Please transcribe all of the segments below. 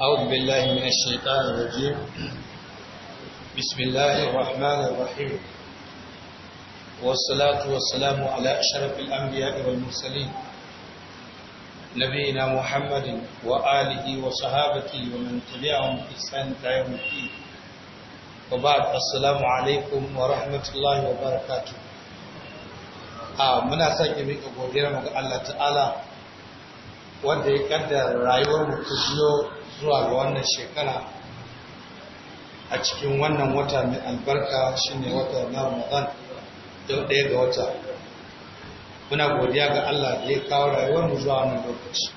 أعوذ بالله من الشيطان الرجيم بسم الله الرحمن الرحيم والصلاة والسلام على أشرف الأنبياء والمرسلين نبينا محمد وآله وصحابته ومن تبعهم بإحسان إلى يوم الدين وبعد السلام عليكم ورحمة الله وبركاته a muna sake mika godiyar mu ga Allah ta'ala wanda ya kaddara rayuwar mu ta jiyo zuwa ga wannan shekara a cikin wannan wata mai albarka shine wata na Ramadan da ɗaya ga wata muna godiya ga Allah da ya kawo rayuwar mu zuwa wannan lokaci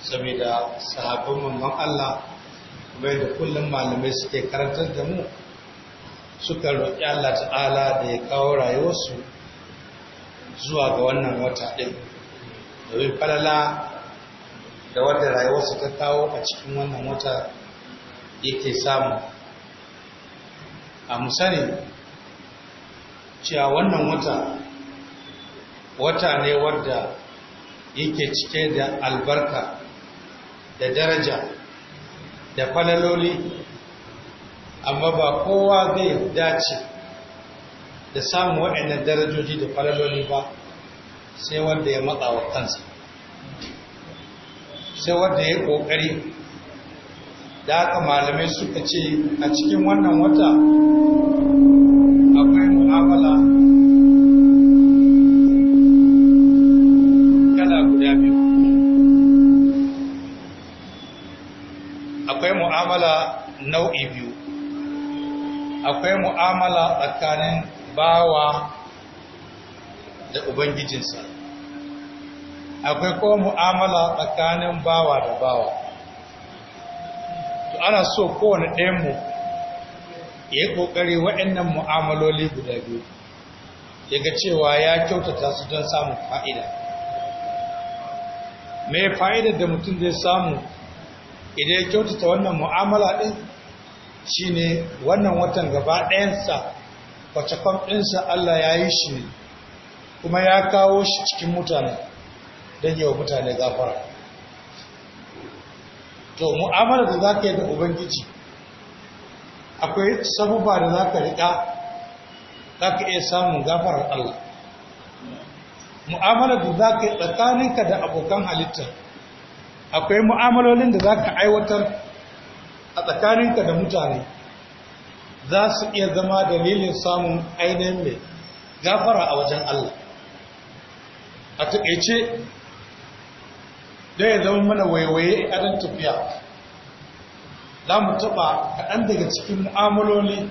saboda sahabban mamman Allah kuma da kullum malamai suke karantar da mu suka roƙi Allah ta'ala da ya kawo rayuwarsu zuwa ga wannan wata ɗin domin falala da wanda rayuwarsa ta kawo a cikin wannan wata yake samu a musani cewa wannan wata wata ne wadda yake cike da albarka da daraja da falaloli amma ba kowa zai dace da samun waɗannan darajoji da falaloli ba sai wanda ya matsa wa kansa sai wanda ya kokari da aka malamai suka ce a cikin wannan wata akwai mu'amala kala guda biyu akwai mu'amala nau'i biyu akwai mu'amala tsakanin bawa da ubangijinsa akwai ko mu'amala tsakanin bawa da bawa to ana so kowane ɗayan mu ya yi ƙoƙari waɗannan mu'amaloli guda biyu yaga cewa ya kyautata su don samun fa'ida mai fa'idar da mutum zai samu idan ya kyautata wannan mu'amala ɗin shi ne wannan watan gaba ɗayansa kwacakon ɗinsa Allah ya yi shi ne kuma ya kawo shi cikin mutane don yi wa mutane gafara to mu'amala da za ka yi da ubangiji akwai sabuba da za ka riƙa za ka iya samun gafarar Allah mu'amala da za ka yi tsakaninka da abokan halitta akwai mu'amalolin da za ka aiwatar a tsakaninka da mutane za su iya zama dalilin samun ainihin mai gafara a wajen Allah a taƙaice dai ya zama mana waiwaye a ɗan tafiya za mu taɓa kaɗan daga cikin mu'amaloli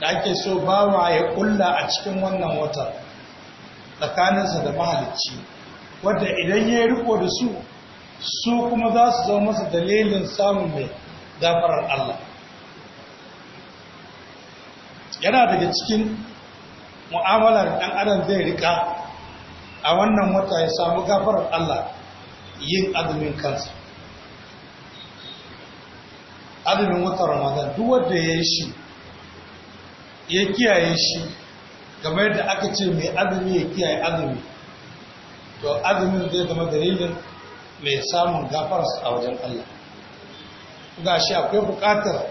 da ake so bawa ya ƙulla a cikin wannan wata tsakaninsa da mahalicci wadda idan ya riko da su su kuma za su zama masa dalilin samun mai gafarar Allah yana daga cikin mu'amalar ɗan adam zai rika a wannan wata ya samu gafarar Allah yin azumin kansa azumin watan ramadan duk wanda ya yi shi ya kiyaye shi game da aka ce mai azumi ya kiyaye azumi to azumin zai zama dalilin mai samun gafarsa a wajen Allah ga shi akwai bukatar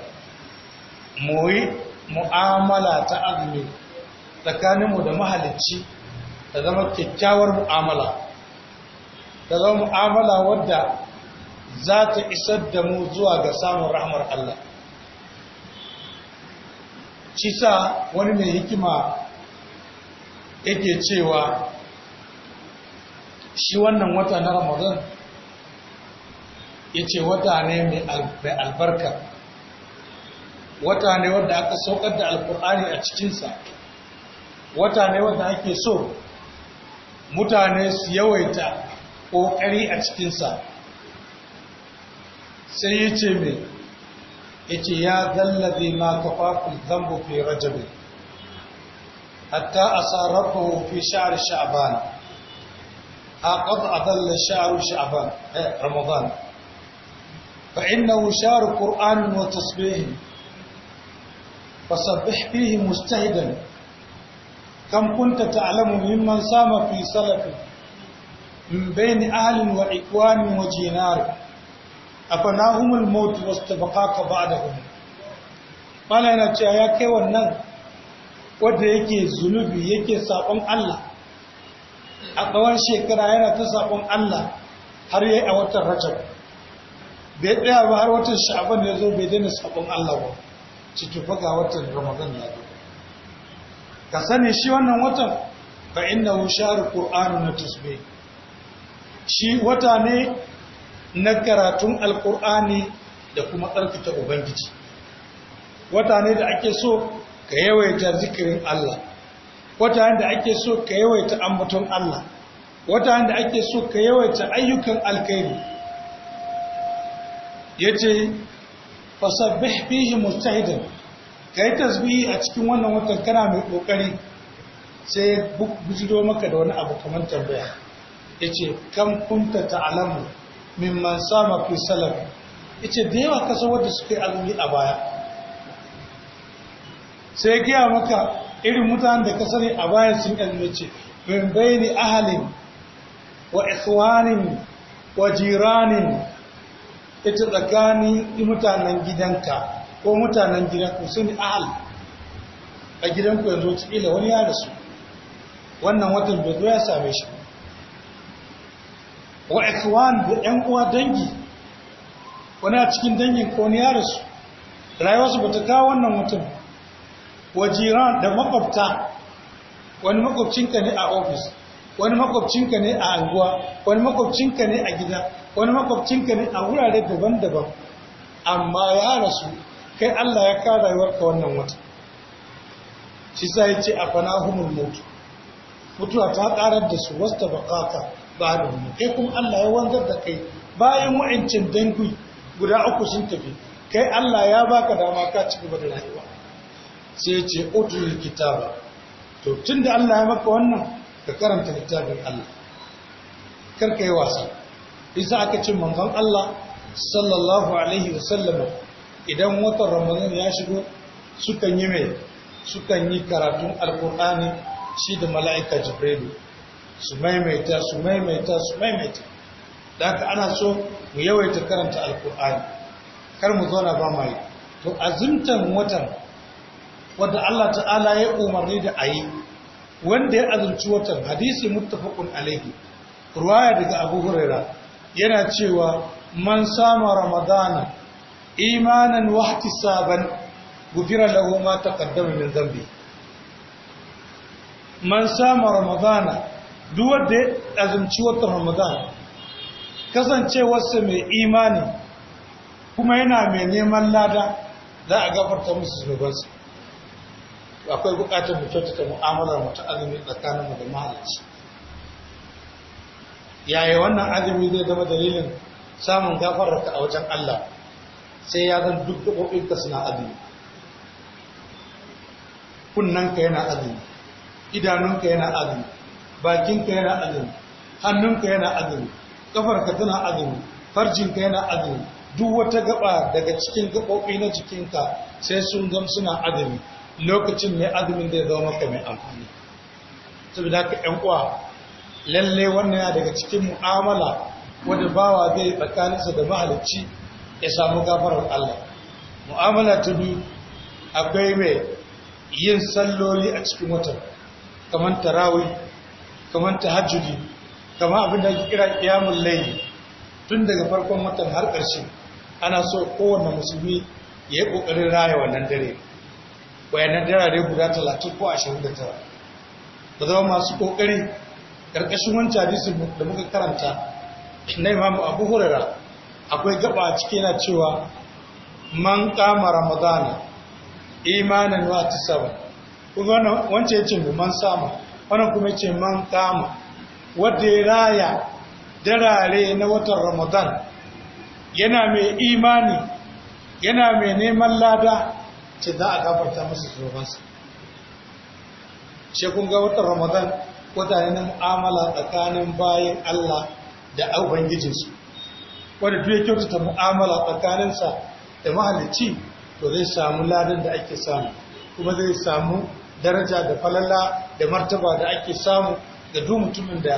moyi mu'amala ta azumi tsakaninmu da mahalicci ta zama kyakkyawar mu'amala da zama mu'amala wadda za ta isar da mu zuwa ga samun rahmar Allah shi sa wani mai hikima yake cewa shi wannan wata na ramadan ya ce wata ne mai albarka wata ne wadda aka saukar da alkur'ani a cikinsa wata ne wadda ake so mutane su yawaita ƙoƙari a cikinsa sai ya ce mai ya ce ya zallabe ma kafafin zambo fi rajabi hatta a sarrafa fi sha'ar sha'aban a ƙafa a zalla sha'ar sha'aban ramadan فإنه شهر قرآن وتصبيح فصبح فيه مجتهدا كم كنت تعلم ممن سام في سلفه من بين أهل وإخوان وجينار أفناهم الموت واستبقاك بعدهم قال cewa ya kai wannan. wadda yake zunubi yake saƙon Allah a tsawon shekara yana ta saƙon Allah har yi a watan rajab bai tsaya ba har watan sha'aban ya zo bai daina saƙon Allah ba ci tufa ga watan ramadan ya zo ka sani shi wannan watan fa innahu shahru qur'anu na tasbih shi wata ne na karatun alkur'ani da kuma tsarkita ubangiji wata ne da ake so ka yawaita zikirin Allah wata da ake so ka yawaita ambaton Allah wata da ake so ka yawaita ayyukan ya yace fasabbih fihi mustahidan yi tasbihi a cikin wannan watan kana mai kokari sai ya bujiro maka da wani abu kamar tambaya ce kan kunta ta'lamu mimman sama fi salaf ce da yawa kasar wanda suka yi azumi a baya sai gaya maka irin mutanen da kasar a baya sun ilmace min bayni ahalin wa ikhwanin wa jiranin ita tsakanin mutanen gidanka ko mutanen gidanku sun ahal a gidanku yanzu kila wani ya rasu wannan watan bai ya same shi wa ikhwan da yan uwa dangi wani a cikin dangin ko ne ya rasu rayuwarsu su ta kawo wannan mutum wa jiran da makwabta wani makwabcinka ne a ofis wani makwabcinka ne a anguwa wani makwabcinka ne a gida wani makwabcinka ne a wurare daban-daban amma ya rasu kai Allah ya ka wannan wata shi sa ya ce a mutu mutuwa ta karar da su wasu bakaka ba kai kuma Allah ya wanzar da kai bayan wa'incin dangi guda uku sun tafi kai Allah ya baka dama ka ci gaba da rayuwa sai ya ce utul kitab to tunda Allah ya maka wannan ka karanta littafin Allah kar ka wasa isa aka ce manzon Allah sallallahu alaihi wasallam idan watan ramadan ya shigo sukan yi mai sukan yi karatun alkur'ani shi da mala'ika jibrilu su maimaita su maimaita su maimaita da haka ana so mu yawaita karanta alkur'ani kar mu zauna ba mai to azumtan watan wanda Allah ta'ala ya umarni da ayi wanda ya azumci watan hadisi muttafaqun alayhi ruwaya daga Abu Huraira yana cewa man sama ramadana imanan wa ihtisaban gufira lahu ma taqaddama min dhanbi man sama ramadana duk wanda ya azumci wata ramadan kasancewarsa mai imani kuma yana mai neman lada za a gafarta musu zunubansa akwai bukatar mu ta mu'amalar mu ta azumi tsakaninmu da mahalarci yaya wannan azumi zai zama dalilin samun gafararka a wajen Allah sai ya zan duk ka suna azumi kunnanka yana azumi idanunka yana azumi bakinka yana azumi hannunka yana azumi kafarka tana azumi farjinka yana azumi duk wata gaba daga cikin gaɓoɓi na jikinka sai sun gam suna azumi lokacin mai azumin da ya zama ka mai amfani saboda ka ƴan uwa lalle wannan ya daga cikin mu'amala wanda bawa zai tsakaninsa da mahalicci ya samu gafarar Allah mu'amala ta biyu akwai mai yin salloli a cikin watan kamar tarawih kamar tahajjudi kamar abin da ake kira qiyamul layl tun daga farkon watan har ƙarshe ana so kowanne musulmi ya yi ƙoƙarin raya wannan dare wayannan dare guda talatin ko ashirin da tara ba zama masu ƙoƙari ƙarƙashin wancan hadisi da muka karanta na imamu abu hurara akwai gaba a ciki yana cewa man kama ramadana imanin wa tisaba kuma wancan ya ce man sama wannan kuma ce man tama wadda ya raya darare na watan ramadan yana mai imani yana mai neman lada ce za a gafarta masa zubansa Shekun ga watan ramadan wata ne na mu'amala tsakanin bayan allah da ubangijinsu wadda duk ya kyautata mu'amala tsakaninsa da mahalicci to zai samu ladan da ake samu kuma zai samu daraja da falala da martaba da ake samu da duk mutumin da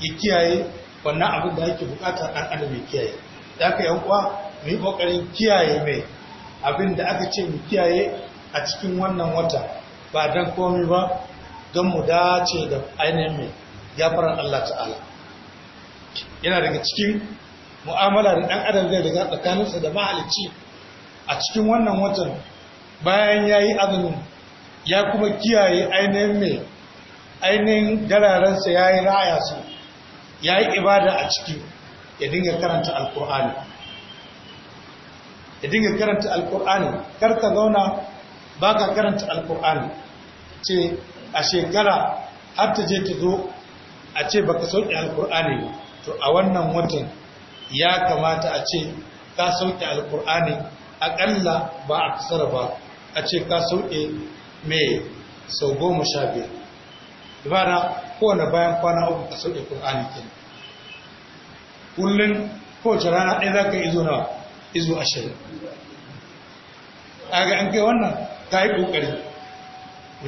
ya kiyaye wannan abin da ake bukata ɗan adam ya kiyaye da aka yi kuwa mu yi ƙoƙarin kiyaye mai abin da aka ce mu kiyaye a cikin wannan wata ba don komi ba don mu dace da ainihin mai gafaran Allah ta'ala yana daga cikin mu'amala da ɗan adam zai daga tsakaninsa da mahalicci a cikin wannan watan bayan ya yi azumin ya kuma kiyaye ainihin mai ainihin dararensa ya yi ra'aya su ya yi ibada a ciki ya dinga karanta alkur'ani ya dinga karanta alkur'ani karka zauna ba ka karanta alkur'ani ce a shekara har ta je ta zo a ce ba baka sauƙi alkur'ani to a wannan watan ya kamata a ce ka sauƙi alkur'ani aƙalla ba a kasar ba a ce ka sauƙi mai sau goma sha biyar ibada kowane bayan kwana uku ka sauke Qur'ani kenan kullun kowace rana ɗaya za ka izo nawa izo ashirin a ga an kai wannan ta yi ƙoƙari mu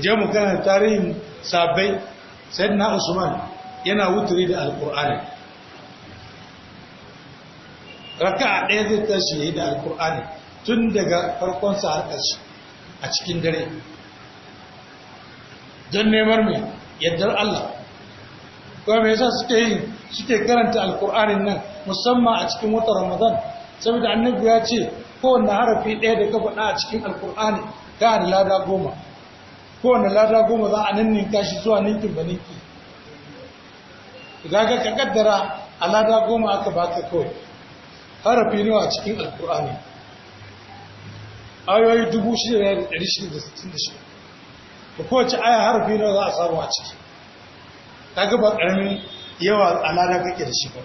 je mu kana tarihin sabai sai na usman yana wuturi da alƙur'ani raka a ɗaya zai tashi ya yi da alƙur'ani tun daga farkonsa har a cikin dare don neman mai yaddar Allah kuma me yasa suke yi suke karanta alkur'anin nan musamman a cikin watan ramadan saboda annabi ya ce wanda harafi ɗaya da ka faɗa a cikin alkur'ani ka da lada goma wanda lada goma za a ninninka shi zuwa ninkin ba ninki idan ka kaddara a lada goma aka baka kawai harafi nawa a cikin alkur'ani ayoyi dubu shida da ɗari shida da sittin da shida da kowace aya harafi nawa za a samu a ciki ta gaba ƙarni yawa alada kake da shi ba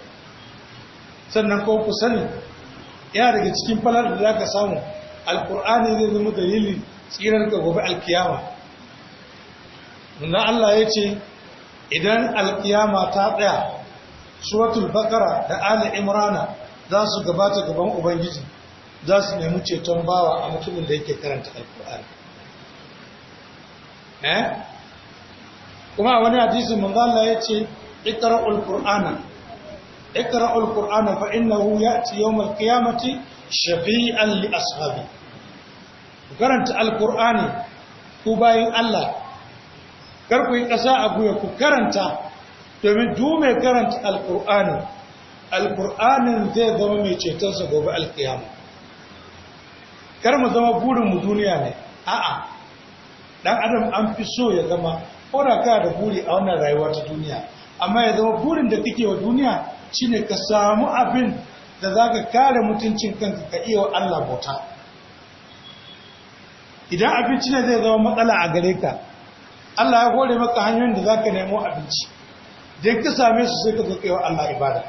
sannan ko ku sani yana daga cikin falar da za ka samu alƙur'ani zai zama dalili tsirar ga gobe alkiyama na Allah ya ce idan alkiyama ta tsaya suratul bakara da ali imrana za su gabata gaban ubangiji za su nemi ceton bawa a mutumin da yake karanta alkur'ani Eh? kuma wani hadisi manzo ya ce iqra'ul qur'ana iqra'ul qur'ana fa innahu ya'ti yawmal qiyamati shafi'an li ashabi karanta alqur'ani ku bayin Allah kar ku yi kasa a guya ku karanta domin du mai karanta alqur'ani alqur'anin zai zama mai cetonsa gobe gobe alqiyama kar mu zama burin mu duniya ne a'a dan adam an fi so ya zama ko da ka da buri a wannan rayuwa ta duniya amma ya zama burin da kake wa duniya shine ka samu abin da zaka kare mutuncin kanka ka iya wa Allah bauta idan abinci ne zai zama matsala a gare ka Allah ya hore maka hanyoyin da zaka nemo abinci da ka same su sai ka zo kai wa Allah ibada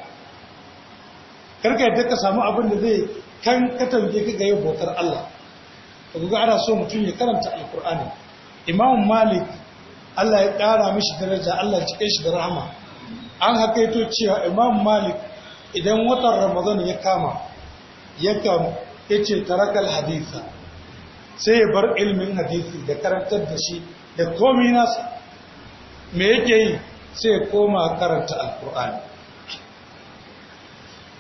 karka yadda ka samu abin da zai kan ka tambaye ka ga yin bautar Allah ka ga ana so mutum ya karanta alkur'ani imam malik Allah ya ƙara mishi daraja Allah cike shi da rahama an hakaito cewa imam malik idan watan ramadan ya kama ya yace tarakal haditha sai ya bar ilmin hadisi da karantar da shi da komi nasa me yake yi sai ya koma karanta alkur'ani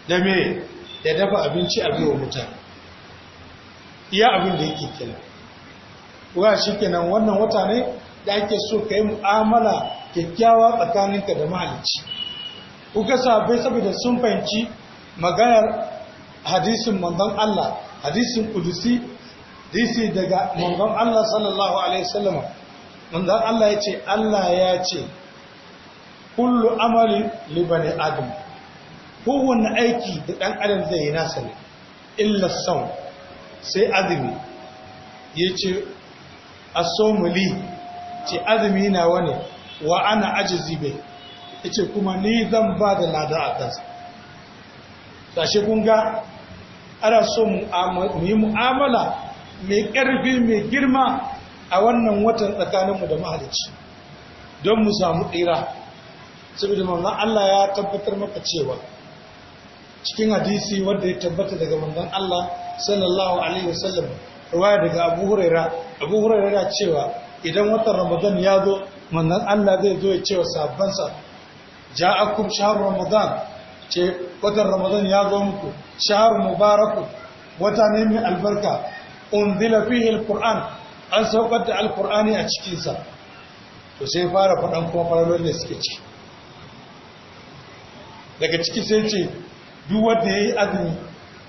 da me ya dafa abinci a biyo mutane iya abin da yake kenan kuga shi kenan wannan wata ne da ake so ka yi mu'amala kyakkyawa tsakaninka da mahalicci kuka sabe saboda sun fahimci maganar hadisin manzon Allah hadisin kudusi disi daga manzon Allah sallallahu alaihi wasallam manzon Allah yace ce Allah ya ce kullu amali li bani adam kowanne aiki da ɗan adam zai yi nasa ne illa sau sai azumi yace asomuli ce azumi na wani wa ana ajizi bai ita ce kuma ni zan ba da lada a kansa Tashi kunga ana so mu mu'amala mai ƙarfi mai girma a wannan watan tsakaninmu da mahalicci don mu samu tsira saboda manzan Allah ya tabbatar maka cewa cikin hadisi wanda ya tabbata daga manzan Allah sallallahu alaihi wasallam ruwaya daga abu huraira abu huraira na cewa idan watan ramadan ya zo mannan allah zai zo ya cewa sabbansa ja akum shahar ramadan ce watan ramadan ya zo muku shahar mubaraku wata ne mai albarka fihe al kuran an saukar da al-kur'ani a cikinsa to sai fara faɗan kuma faralolin da suke ciki daga ciki sai ce duk wanda ya yi azumi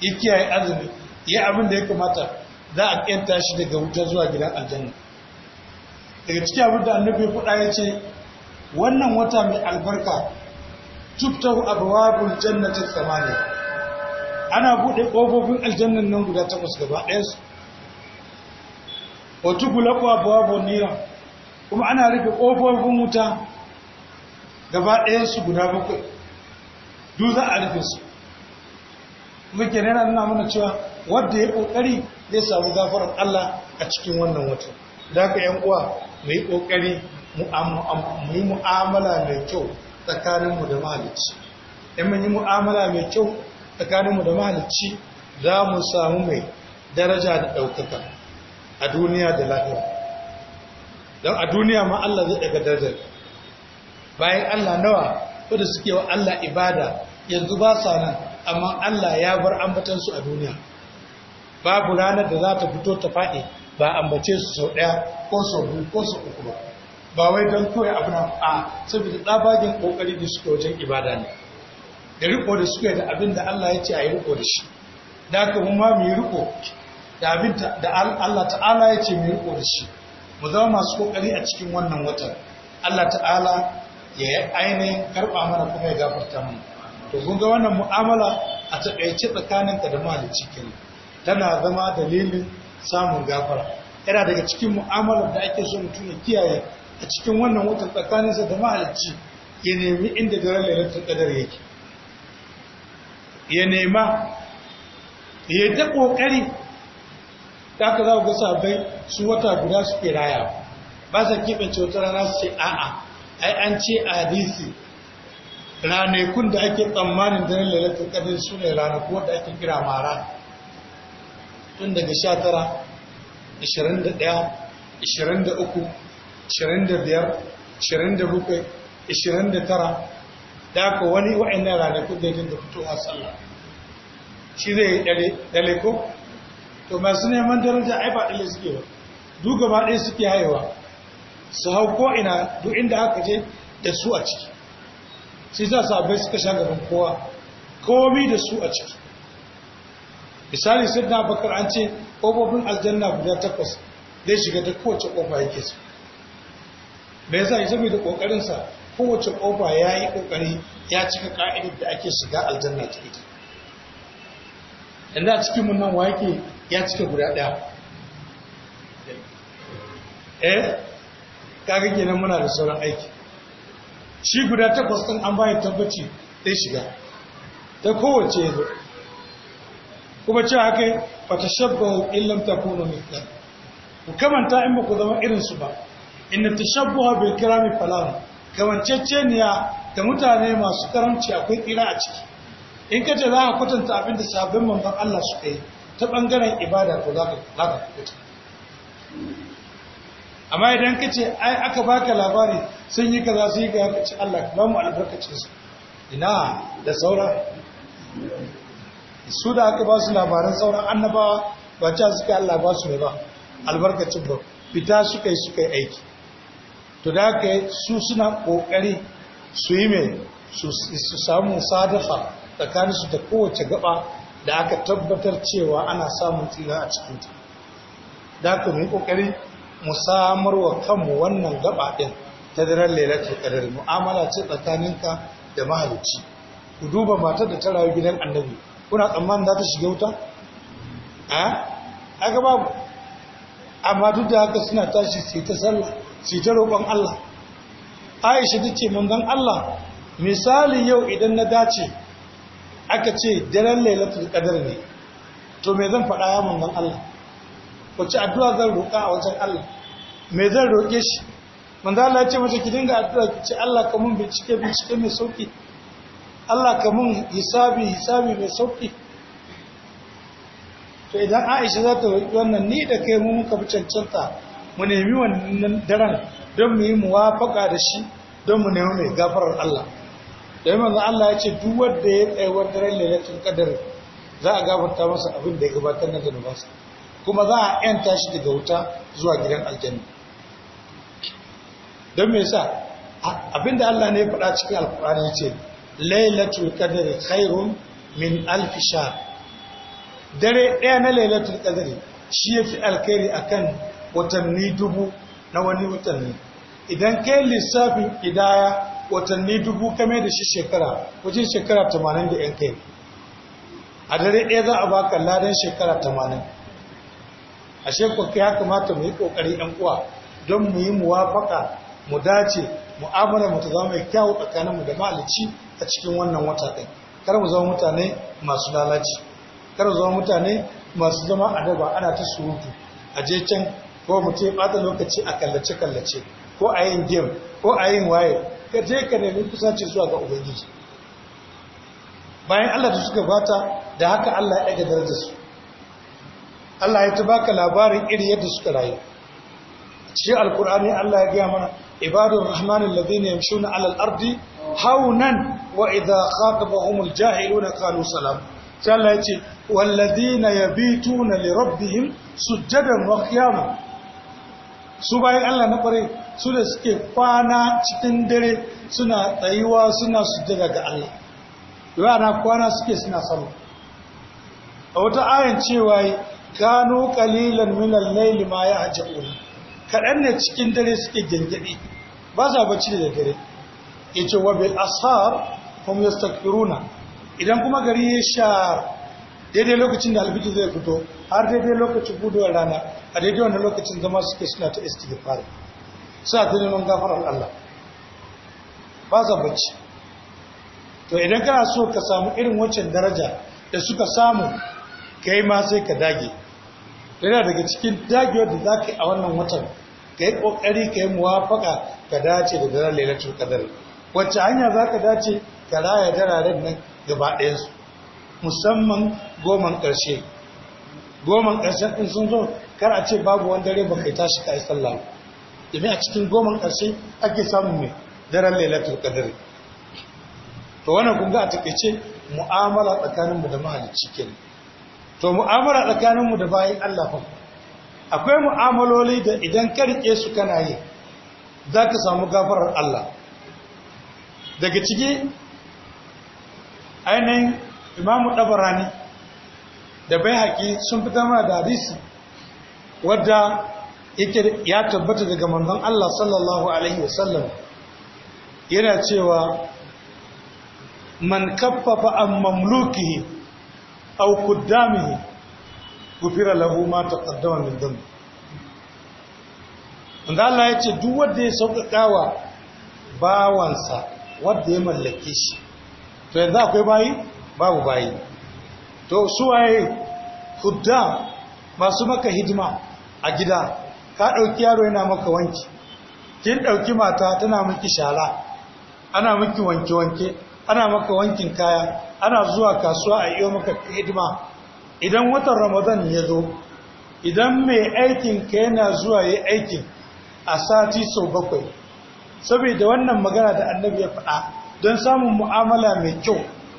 ya kiyaye azumi ya abin da ya kamata za a ƙyanta shi daga wuta zuwa gidan aljanna daga cikin abin da annabi ya faɗa ya ce wannan wata mai albarka tuftahu abwabul jannati samani ana buɗe ƙofofin aljannan nan guda takwas gaba ɗaya su wa tughlaqu abwabun nira kuma ana rufe ƙofofin wuta gaba ɗaya su guda bakwai duk za a rufe su muke ne nuna mana cewa wadda ya kokari zai samu gafarar Allah a cikin wannan wata da haka yan uwa mu yi kokari mu yi mu'amala mai kyau tsakaninmu da mahalicci in mun yi mu'amala mai kyau tsakaninmu da mahalicci za mu samu mai daraja da ɗaukaka a duniya da lahira don a duniya ma Allah zai daga darajar bayan Allah nawa wadda suke wa Allah ibada yanzu ba sa nan amma Allah ya bar ambatansu a duniya babu ranar da za ta fito ta faɗi ba ambace su sau ɗaya ko sau biyu ko sau uku ba ba wai don kawai abu na a saboda tsabagen ƙoƙari da suke wajen ibada ne da riko da suke da abin da Allah ya ce a yi riko da shi da aka mu ma mu yi riko da abin da Allah ta'ala ya ce mu yi riko da shi mu zama masu ƙoƙari a cikin wannan watan Allah ta'ala ya ainihin karɓa mana kuma ya gafarta mana to kun ga wannan mu'amala a taƙaice tsakaninka da mahalicci kenan tana zama dalilin samun gafara yana daga cikin mu'amalar da ake so mutum ya kiyaye a cikin wannan watan tsakaninsa da mahalicci ya nemi inda daren lailatul ƙadar yake ya nema ya ta kokari da aka za ku ga sabai su wata guda su ke raya ba sa keɓance wata rana su ce a'a ai an ce a hadisi ranakun da ake tsammanin daren lalatar ƙadar su ne ranakun da ake kira mara tun daga sha tara, ashirin da ɗaya, ashirin da da da da da uku, biyar, tara, aka wani wa'annan ranaku da yadda fitowa sallah shi zai ɗale ko to masu neman daraja ai ba dale suke ba duk gaba ɗaya suke haihuwa su hau ina duk inda aka je da su a ciki sai za su abai suka sha gaban kowa komi da su a ciki misali sai da bakar an ce ƙofofin aljanna guda takwas zai shiga da kowace ƙofa yake su me yasa ya da ƙoƙarinsa kowace ƙofa ya yi ƙoƙari ya cika ka'idin da ake shiga aljanna ta ita inda cikin mun nan wake ya cika guda ɗaya eh kaga kenan muna da sauran aiki shi guda takwas ɗin an bayan tabbaci zai shiga ta kowace ya kuma ce haka ba ta illan ta kuno mitan ku kamanta in ba ku zama irin su ba inna tashabbuha bil kirami falan niya da mutane masu karamci akwai kira a ciki in ka ce za ka kwatanta abin da sabbin manzon Allah su yi ta bangaren ibada ko za ka kwatanta amma idan ka ce ai aka baka labari sun yi kaza sun yi kaza ka ce Allah ka ba mu albarkacin su ina da saura su da aka ba su labaran sauran annabawa ba can suka Allah ba su ne ba albarkacin ba fita suka yi suka yi aiki to da aka yi su suna kokari su yi mai su samu sadafa tsakanin su da kowace gaba da aka tabbatar cewa ana samun tsira a ta da aka mai kokari mu samar wa kanmu wannan gaba ɗin ta daren lailatul qadar mu'amala ce tsakaninka da mahalicci ku duba matar da ta rayu gidan annabi kuna tsammanin za ta shiga wuta a aka babu amma duk da haka suna tashi sai ta sallah sai ta roƙon Allah Aisha ta ce manzon Allah misali yau idan na dace aka ce daren lailatul qadar ne to me zan faɗa ya manzon Allah wace addu'a zan roƙa a wajen Allah me zan roƙe shi manzon Allah ya ce mace ki dinga addu'a ki ce Allah ka mun bincike bincike mai sauki Allah ka mun hisabi hisabi mai sauki to idan Aisha za ta roƙi wannan ni da kai mu muka fi cancanta mu nemi wannan daren don mu yi muwafaka da shi don mu nemi mai gafarar Allah da yi manzan Allah ya ce duk wanda ya tsayuwar daren lailatul kadar za a gafarta masa abin da ya gabatar na zanubansa kuma za a yanta shi daga wuta zuwa gidan aljanna don me yasa abinda Allah ne ya faɗa cikin alkur'ani ya ce lailatul qadri khairun min alf shahr dare ɗaya na lailatul qadri shi yafi alkhairi akan watanni dubu na wani watanni idan kai lissafin idaya watanni dubu kame da shi shekara wajen shekara 80 da yan kai a dare ɗaya za a baka ladan shekara 80 ashe ko kai ya kamata mu yi kokari yan uwa don mu yi muwafaka mu dace mu'amalar mu ta zama mai kyau tsakanin mu da malici a cikin wannan wata ɗin kar mu zama mutane masu lalaci kar mu zama mutane masu zama a daba ana ta surutu a je can ko mu ce bata lokaci a kallace kallace ko a yin game ko a yin waye ka je ka nemi kusanci zuwa ga ubangiji bayan Allah ta suka bata da haka Allah ya ɗaga darajar su Allah ya ta baka labarin iri yadda suka rayu shi alkur'ani Allah ya gaya mana ibadur rahman alladhina yamshuna 'ala al-ardi nan wa idha khatabahum al-jahiluna qalu salam sai ya ce walladhina yabituna li rabbihim sujadan wa qiyama su bayan Allah na kware su da suke kwana cikin dare suna tsayuwa suna sujjada ga Allah rana kwana suke suna sallah a wata ayan cewa gano qalilan min al-layli ma yahja'un kaɗan ne cikin dare suke gyangyaɗi ba sa bacci da dare ya ce wa bil ashar hum yastakbiruna idan kuma gari ya sha daidai lokacin da alfiji zai fito har daidai lokacin gudowar rana a daidai wannan lokacin zama suke suna ta istighfar suna ta neman gafarar Allah ba za bacci to idan kana so ka samu irin waccan daraja da suka samu kai ma sai ka dage yana daga cikin dagewar da za ka yi a wannan watan ka yi ƙoƙari ka yi muwafaka ka dace da daren lalatar kadar wacce hanya za ka dace ka raya dararen nan gaba ɗayansu musamman goman ƙarshe goman ƙarshe ɗin sun zo kar a ce babu wani dare ba kai tashi ka yi sallah domin a cikin goman ƙarshe ake samun mai daren lalatar kadar to wannan kun ga a takaice mu'amala tsakaninmu da mahalicci kenan to mu'amala tsakaninmu da bayan Allah fa akwai mu'amaloli da idan ka rike su kana yi za ka samu gafarar Allah daga ciki ainihin imamu ɗabarani da bai haƙi sun fi mana da hadisi wadda ya tabbata daga manzon Allah sallallahu alaihi wasallam yana cewa man kaffafa an mamlukihi aw kuddamihi gufira lahu ma taqaddama min dhanbi wanda Allah ya ce duk wanda ya sauƙaƙawa bawansa wanda ya mallake shi to yanzu akwai bayi babu bayi to su waye kuddam masu maka hidima a gida ka ɗauki yaro yana maka wanki kin ɗauki mata tana miki shara ana miki wanke-wanke ana maka wankin kaya ana zuwa kasuwa a iyo maka hidima idan watan ramadan ya zo idan mai aikin ka yana zuwa ya aikin a sati sau bakwai saboda wannan magana da annabi ya faɗa don samun mu'amala mai kyau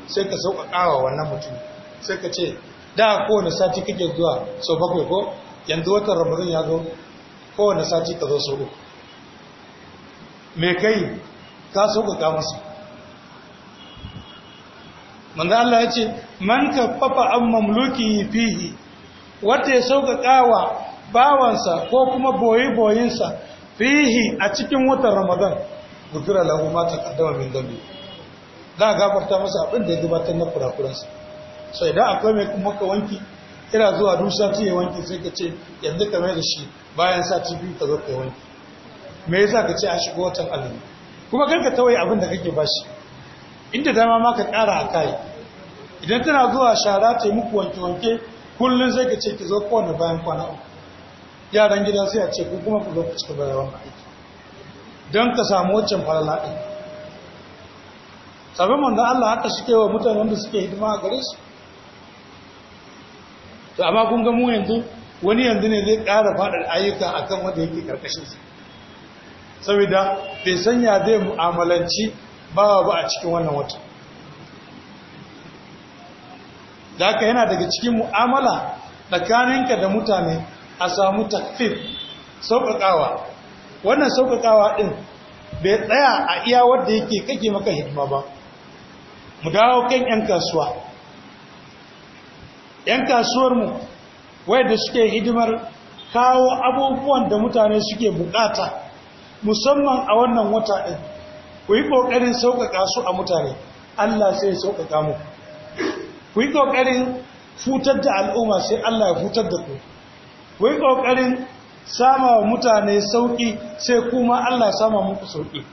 sai ka sauƙaƙa wa wannan mutum sai ka ce da kowane sati kake zuwa sau bakwai ko yanzu watan ramadan ya zo kowane sati ka zo sau uku kai ka sauƙaƙa masa manzo Allah ya ce man kaffafa an mamluki fihi Wata ya sauƙaƙawa bawansa ko kuma boyi boyinsa fihi a cikin watan Ramadan gudura lahu ma taqaddama min dambi za a gafarta masa abin da ya gabatar na kurakuransa so idan akwai mai ka wanki ina zuwa dusa ta yi wanki sai ka ce yanzu ka mai da shi bayan sati biyu ka zo ka wanki me yasa ka ce a shigo watan azumi kuma kanka ta tawaye abin da kake bashi inda dama ma ka ƙara a kai idan tana zuwa shara ta yi muku wanke-wanke kullum zai ka ce ki zo kowane bayan kwana uku yaran gida sai a ce ku kuma ku zo ku cika bayan wani aiki don ka samu waccan falala ɗin sabon manzan Allah haka suke wa mutane da suke hidima a gare su to amma kun ga yanzu wani yanzu ne zai ƙara faɗar ayyuka akan wanda yake su, saboda bai sanya zai mu'amalanci Ba ba a cikin wannan wata da aka yana daga cikin mu'amala tsakaninka da mutane a samu tafif sauƙaƙawa wannan sauƙaƙawa ɗin bai tsaya a iya wadda yake kake maka hidima ba mu dawo kan 'yan kasuwa 'yan kasuwar mu wadda suke hidimar kawo abubuwan da mutane suke buƙata musamman a wannan wata ɗin ku yi ƙoƙarin sauƙaƙa su a mutane Allah sai sauƙaƙa mu ku yi ƙoƙarin futar da al'umma sai Allah ya futar da ku ku yi ƙoƙarin sama wa mutane sauƙi sai kuma Allah ya sama muku sauƙi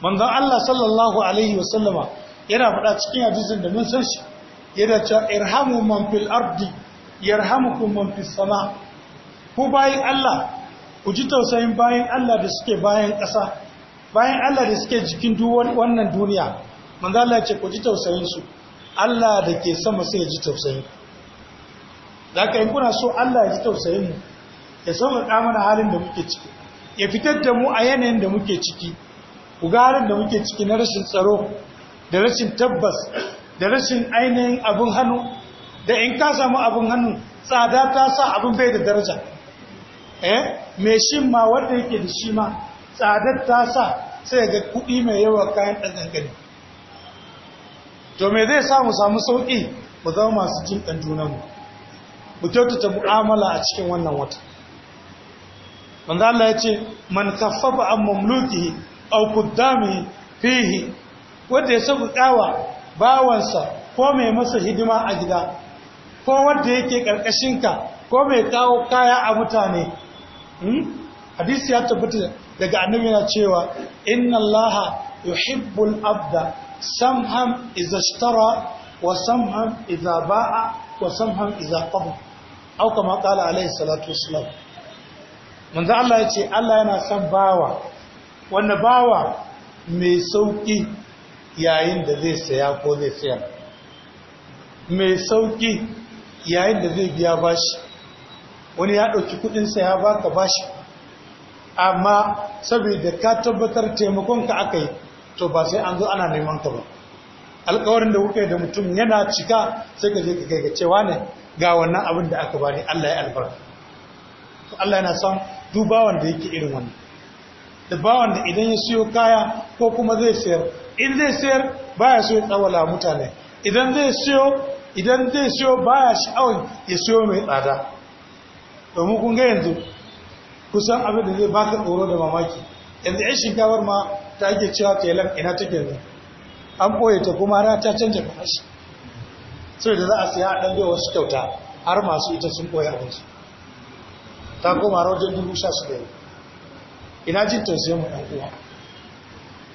manzon Allah sallallahu alaihi wasallama yana faɗa cikin hadisin da mun san shi yana cewa irhamu man fil ardi yarhamukum man fis sama ku bayin Allah ku ji tausayin bayan Allah da suke bayan ƙasa bayan Allah da suke jikin wannan duniya manzo Allah ce ku ji tausayin su Allah da ke sama sai ya ji tausayin da ka in kuna so Allah ya ji tausayin mu ya sauƙaƙa mana halin da muke ciki ya fitar da mu a yanayin da muke ciki ku ga da muke ciki na rashin tsaro da rashin tabbas da rashin ainihin abin hannu da in ka samu abin hannu tsada ta sa abin bai da daraja eh me shin ma wanda yake da shi ma tsadar ta sa sai ga kuɗi mai yawa kayan ɗangangani to me zai sa mu samu sauƙi mu zama masu jin ɗan junanmu mu kyautata mu'amala a cikin wannan wata wanda Allah ya ce man ba an mamluki auku dami fihi Wadda ya sabu ƙawa bawansa ko mai masa hidima a gida ko wadda yake ƙarƙashinka ka ko mai kawo kaya a mutane hmm? hadisi ya tabbata daga annabi yana cewa inna Allah yuhibbul abda samham idza ishtara wa samham idza ba'a wa samham idza qabba au kama qala alayhi salatu wassalam manzo Allah yace Allah yana son bawa wanda bawa mai sauki yayin da zai saya ko zai sayar mai sauki yayin da zai biya bashi wani ya ɗauki sa ya baka bashi amma saboda ka tabbatar taimakon ka aka yi to ba sai an zo ana neman ka ba alkawarin da kuka da mutum yana cika sai ka je ka kai ga cewa ne ga wannan abin da aka bani Allah ya albarka to Allah yana son duk bawan yake irin wannan da bawan wanda idan ya siyo kaya ko kuma zai sayar in zai sayar baya so ya tsawala mutane idan zai siyo idan zai siyo baya sha'awar ya siyo mai tsada domin kun ga yanzu kusan abin da zai baka tsoro da mamaki yanzu yan shinkawar ma ta ake cewa telan ina take yanzu an ɓoye ta kuma na ta canja farashi sai da za a siya a ɗan bai wasu kyauta har masu ita sun ɓoye abinci ta koma wajen dubu sha su da ina jin tausiyar mu ɗan uwa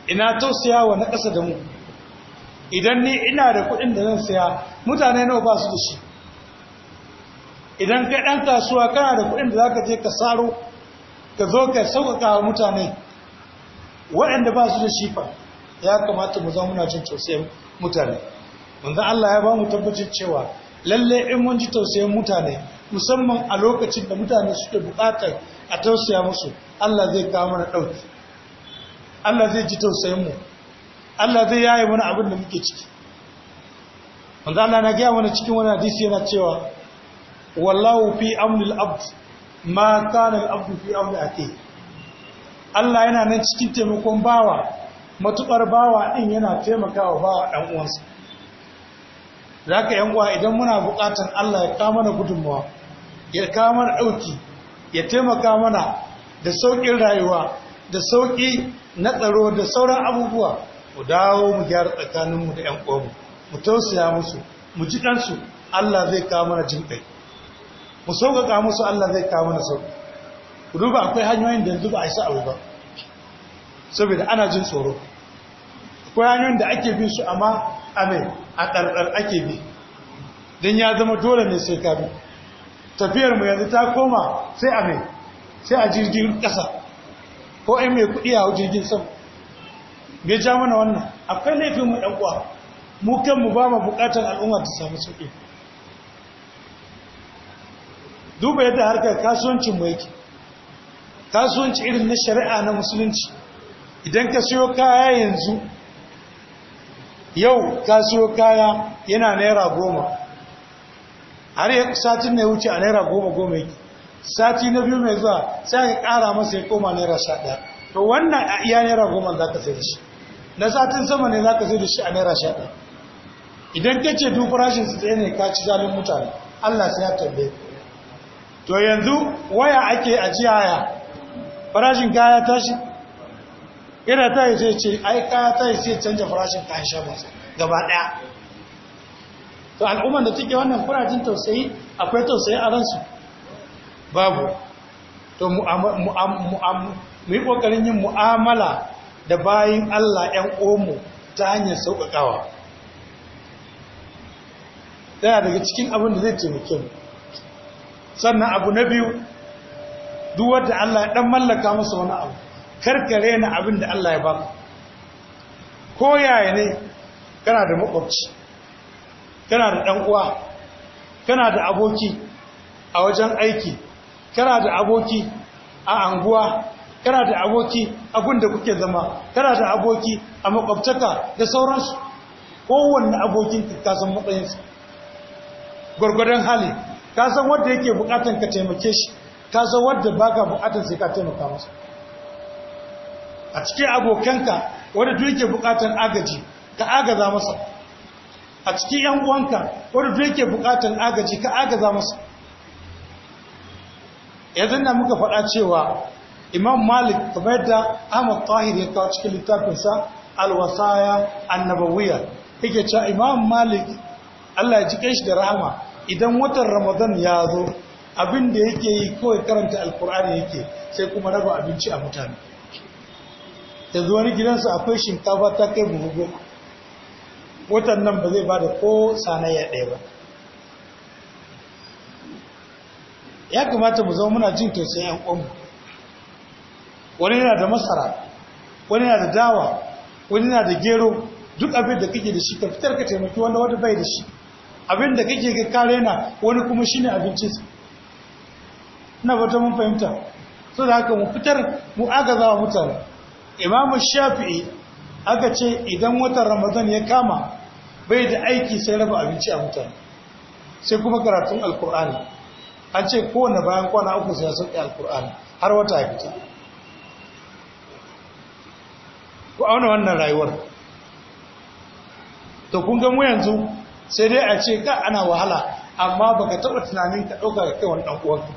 ina tausiya wa na ƙasa da mu idan ni ina da kuɗin da zan saya mutane nawa ba su da shi idan ka ɗan kasuwa kana da kuɗin da za ka je ka saro ka zo ka sauƙaƙa wa mutane waɗanda ba su da shifa ya kamata mu zama muna jin tausayin mutane wanda Allah ya ba mu tabbacin cewa lalle in mun ji tausayin mutane musamman a lokacin da mutane suke buƙatar a tausaya musu Allah zai kawo mana ɗauki Allah zai ji tausayin mu Allah zai yaye mana abin da muke ciki wanda Allah na gaya mana cikin wani hadisi yana cewa wallahu fi amnil abd ma kana fi amri ake Allah yana nan cikin taimakon bawa matuƙar bawa din yana taimakawa bawa dan uwansa zaka yan uwa idan muna buƙatar Allah ya kama mana gudunmuwa ya kama mana dauki ya taimaka mana da saukin rayuwa da sauƙi, na tsaro da sauran abubuwa mu dawo mu gyara tsakaninmu da 'yan mu tausaya musu mu ji ɗansu Allah zai kawo mana jin mu sauƙaƙa musu Allah zai kawo mana sauƙi ku duba akwai hanyoyin da yanzu ba a isa abu ba saboda ana jin tsoro akwai hanyoyin da ake bin su amma a a ɗarɗar ake bi don ya zama dole ne sai ka bi tafiyar mu yanzu ta koma sai a sai a jirgin ƙasa ko ai mai kuɗi a jirgin sam? bai ja mana wannan akwai laifin mu ɗan uwa mu kanmu ba mu buƙatar al'umma ta samu sauƙi duba yadda harkar kasuwancin mu yake kasuwanci irin na shari'a na musulunci idan ka siyo kaya yanzu yau ka siyo kaya yana naira goma har satin na wuce a naira goma goma yake sati na biyu mai zuwa sai ka kara masa ya koma naira sha ɗaya to wannan a iya naira goma za ka sai da shi na satin sama ne za ka sai da shi a naira sha ɗaya idan ka ce duk farashin su tsaye ne ka ci zalin mutane allah sai ya tambaye to yanzu waya ake a ciyaya farashin kaya tashi ina ta yi sai ce ai kaya ta yi sai canja farashin kayan shagonsa gaba ɗaya to al'ummar da take wannan kurajin tausayi akwai tausayi a ransu babu to mu yi ƙoƙarin yin mu'amala da bayan allah 'yan omo ta hanyar sauƙaƙawa Taya daga cikin abin da zai taimake mu sannan abu na biyu duk wadda Allah ya dan mallaka masa wani abu karkare na abin da Allah ya ba ko yaya ne kana da makwabci kana da dan uwa kana da aboki a wajen aiki kana da aboki a anguwa kana da aboki a gunda kuke zama kana da aboki a makwabtaka da sauransu kowanne abokin ka san gwargwadon hali ka san wanda yake bukatan ka taimake shi ka san wanda baka bukatan sai ka taimaka masa a cikin abokanka wanda duk yake bukatan agaji ka agaza masa a cikin yan uwanka wanda duk yake bukatan agaji ka agaza masa yanzu na muka faɗa cewa imam malik kamar yadda ahmad tahir ya kawo cikin littafinsa alwasaya annabawiya yake cewa imam malik allah ya ji shi da rahama idan watan ramadan ya zo abin da yake yi kawai karanta alkur'ani yake sai kuma raba abinci a mutane zuwa wani gidansu akwai shinkafa ta kai buhu goma watan nan ba zai ba da ko sanayya ɗaya ba ya kamata mu zama muna jin tausayin yan uwanmu wani yana da masara wani yana da dawa wani yana da gero duk abin da kake da shi ka fitar ka taimaki wanda wanda bai da shi abin da kake ga kare na wani kuma shi ne abincin na fata mun fahimta so da haka mu fitar mu agaza wa mutane Imamu shafi'i aka ce idan watan ramadan ya kama bai da aiki sai raba abinci a mutane sai kuma karatun alkur'ani an ce kowane bayan kwana uku sai sun ɗaya alkur'ani har wata ya fita ku auna wannan rayuwar to kun ga mu yanzu sai dai a ce ka ana wahala amma baka taba tunanin ka dauka ga kai wani dan uwanka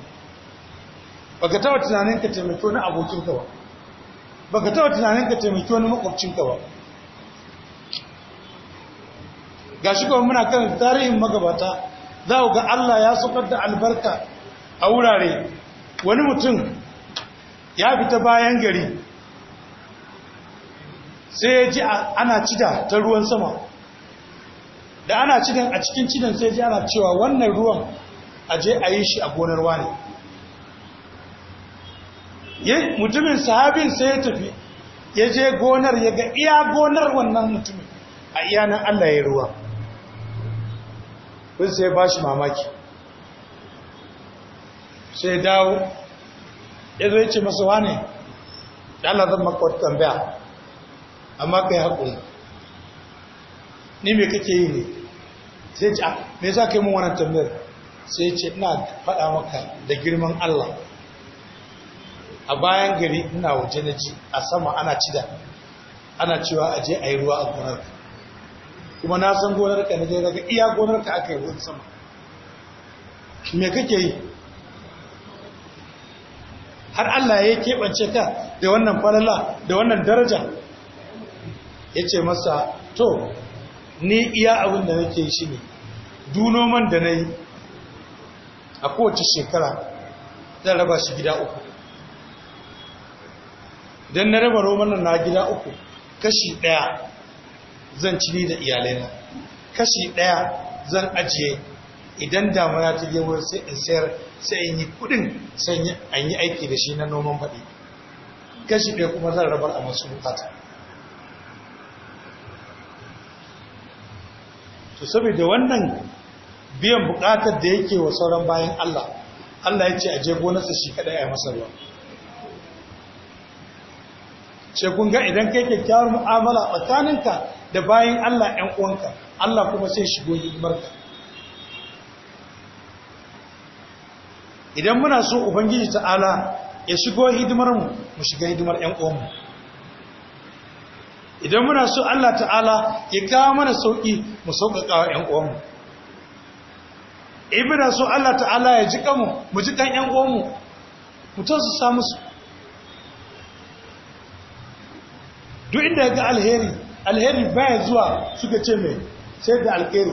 baka taba tunanin ka taimaki wani abokin ka ba baka taba tunanin ka taimaki wani makwabcin ka ba gashi kuma muna kan tarihin magabata za ku ga Allah ya saukar da albarka a wurare wani mutum ya fita bayan gari sai ya ji ana cida ta ruwan sama da ana cikin a cikin cidan sai ji ana cewa wannan ruwan a je a yi shi a gonar wani mutumin sahabin sai ya tafi ya je gonar ya ga iya gonar wannan mutumin a iya nan Allah ya ruwa wani sai ba shi mamaki sai dawo ya zo ce masa wane da Allah zan maka wata tambaya amma kai haƙuri ni me kake yi ne sai ce ah, me za ka yi mun wannan tambayar sai ce ina faɗa maka da girman Allah a bayan gari ina waje na ci a sama ana cida ana cewa a je a yi ruwa a gonar kuma na san gonar ka na je daga iya gonar ka aka yi wani sama me kake yi har Allah ya keɓance ka da wannan falala da wannan daraja ya ce masa to ni iya abin da nake shi ne dunoman da na yi a kowace shekara zan raba shi gida uku don na raba roman na gida uku kashi ɗaya zan cini da iyalaina kashi ɗaya zan ajiye idan damuna ta wuri sai in sayar sai in yi kudin sai an yi aiki da shi na noman baɗi kashi ɗaya kuma zan rabar a masu bukata to saboda wannan biyan bukatar da yake wa sauran bayan Allah Allah ya ce a je gonarsa shi kada a yi masa ruwa ce kun ga idan kai kyakkyawar mu'amala tsakaninka da bayan Allah ɗan uwanka Allah kuma sai shigo hikimarka idan muna so ubangiji ta'ala ya shigo hidimar mu mu shiga hidimar ƴan uwanmu idan muna so Allah ta'ala ya kawo mana sauki mu sauƙaƙa wa ƴan uwanmu ibina so Allah ta'ala ya ji kanmu mu ji kan yan uwanmu mutum su samu su duk inda ya ga alheri alheri baya zuwa suka ce mai sai da alheri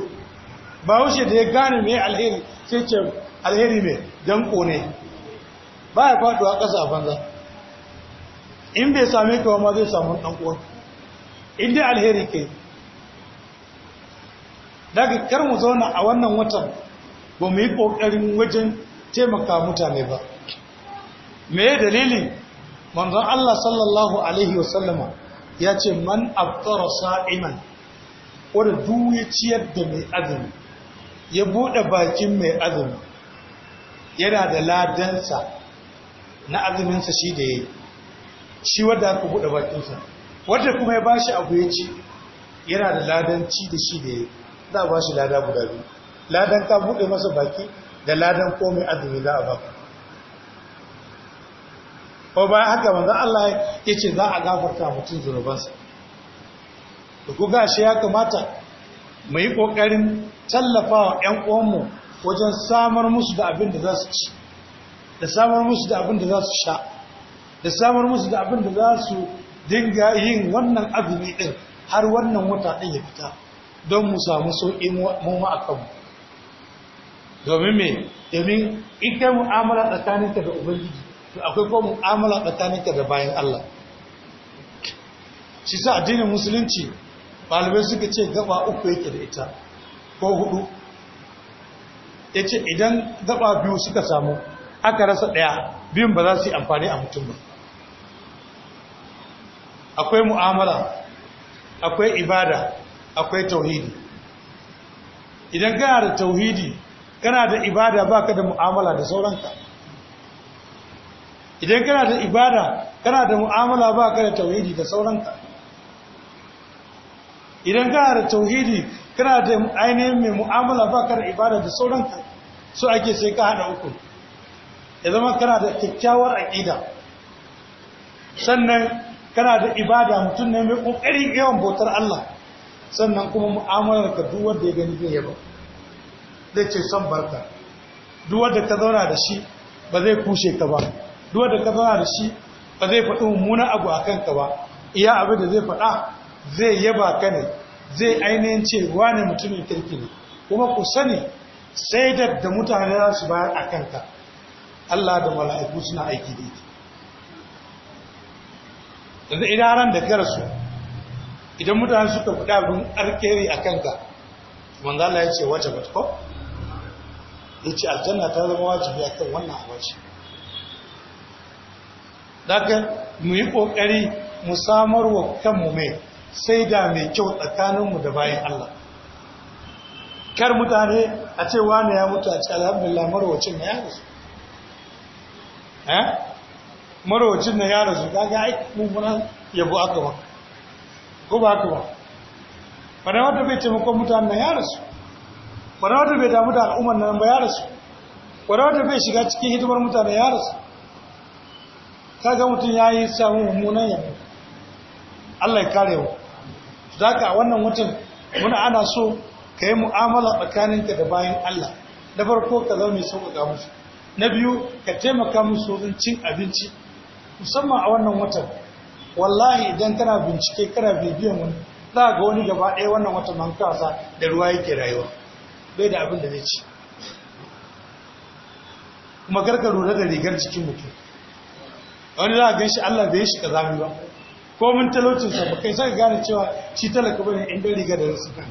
ba wuce da ya gane mai alheri sai ce alheri mai don kone ba ya faduwa ƙasa a banza in bai same kawo ma zai samu ɗan uwan inda alheri ke daga kar mu zauna a wannan watan ba mu yi ƙoƙarin wajen taimaka mutane ba me dalili manzan Allah sallallahu alaihi wasallama ya ce man abtara sa'iman wadda duwe ya ciyar da mai azumi ya buɗe bakin mai azumi yana da ladansa na azuminsa shi da ya yi shi wadda aka buɗe bakinsa wadda kuma ya shi abu ya ci yana da ladanci da shi da ya yi za a ba shi lada guda biyu ladan ka buɗe masa baki da ladan komai azumi za a baka ko bayan haka manzo Allah ya ce za a gafarta mutum zunubansa to ku shi ya kamata mu yi ƙoƙarin tallafawa 'yan uwanmu wajen samar musu da abin da za su ci da samar musu da abin da za su sha da samar musu da abin da za su dinga yin wannan azumi din har wannan wata din ya fita don mu samu sauƙi mu ma a kanmu domin me domin ita mu'amala tsakaninta da ubangiji to akwai ko mu'amala tsakaninka da bayan Allah shi sa addinin musulunci malamai suka ce gaba uku yake da ita ko hudu yace idan gaba biyu suka samu aka rasa daya biyun ba za su yi amfani a mutum ba akwai mu'amala akwai ibada akwai tauhidi idan kana da tauhidi kana da ibada baka da mu'amala da sauranka idan kana da ibada kana da mu'amala baka da tauhidi da sauranka idan kana da tauhidi kana da ainihin mai mu'amala baka da ibada da sauranka so ake sai ka hada uku ya zama kana da kyakkyawar aƙida sannan kana da ibada mutum ne mai ƙoƙarin yawan bautar Allah sannan kuma mu'amalar ka duk wanda ya gani zai yaba zai ce son barka duk da ka zauna da shi ba zai kushe ka ba duk da ka zauna da shi ba zai faɗi mummunan abu a kanka ba iya abin da zai faɗa zai yaba ka ne zai ainihin ce wane mutumin kirki ne kuma ku sani sai da mutane za su bayar a kanka Allah da mala'iku suna aiki da ita yanzu idaran da ka rasu idan mutane suka faɗa abin alkhairi a kanka manzo Allah ya ce wace ya ce aljanna ta zama wajibi a kan wannan abaci daga mu yi ƙoƙari mu samar wa kanmu mai sai da mai kyau tsakaninmu da bayan Allah kar mutane a ce wani ya mutu a ce alhamdulillah marwacin na ya rasu eh? marwacin na ya rasu kaga aiki mummuna yabo aka ba ko ba aka ba wadda wata bai taimakon mutane na ya rasu wadawata bai damu da al'ummar nan ba ya rasu wadawata bai shiga cikin hidimar mutane ya rasu ta ga mutum ya yi samun mummunan yabo allah ya kare wa za ka wannan watan muna ana so ka yi mu'amala tsakaninka da bayan allah na farko ka zaune sauƙaƙa musu na biyu ka taimaka musu wajen cin abinci musamman a wannan watan wallahi idan kana bincike kana bibiyan wani za ga wani gaba ɗaya wannan watan mankasa da ruwa yake rayuwa bai da abin da zai ci kuma karka lura da rigar cikin mutum wani za a gan shi Allah da ya shiga zami ba ko mun talaucinsa ba kai sai gane cewa shi talaka bane in da rigar da rasu kan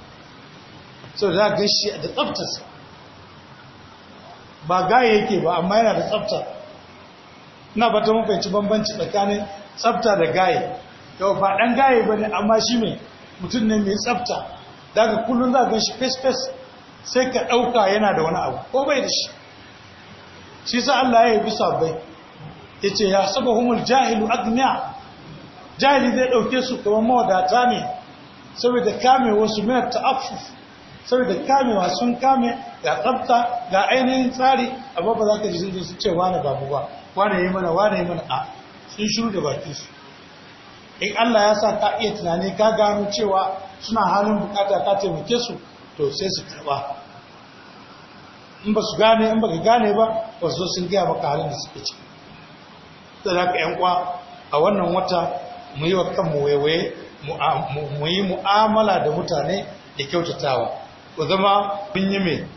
so za a gan shi da tsaftarsa ba gaye yake ba amma yana da tsafta na ba ta mun banbanci bambanci tsakanin tsafta da gaye yau ba dan gaye bane amma shi mai mutum ne mai tsafta daga kullum za a gan shi fes sai ka ɗauka yana da wani abu ko bai da shi shi sa Allah ya yi bai? ya ce ya saba humul jahilu agniya jahili zai ɗauke su kuma mawadata ne saboda kame wasu minar afu, saboda kame sun kame ga tsabta ga ainihin tsari abu ba za ka ji sun su ce wane babu ba wane yi mana wane yi mana a sun shiru da baki su in Allah ya sa ka iya tunani ka gano cewa suna halin bukata ka taimake su to sai su karba in ba su gane in ba ka gane ba ba su sun gaya maka halin da suke ciki da za ka yankwa a wannan wata mu yi wa kanmu waiwaye mu yi mu'amala da mutane da kyautatawa ku zama bin yi mai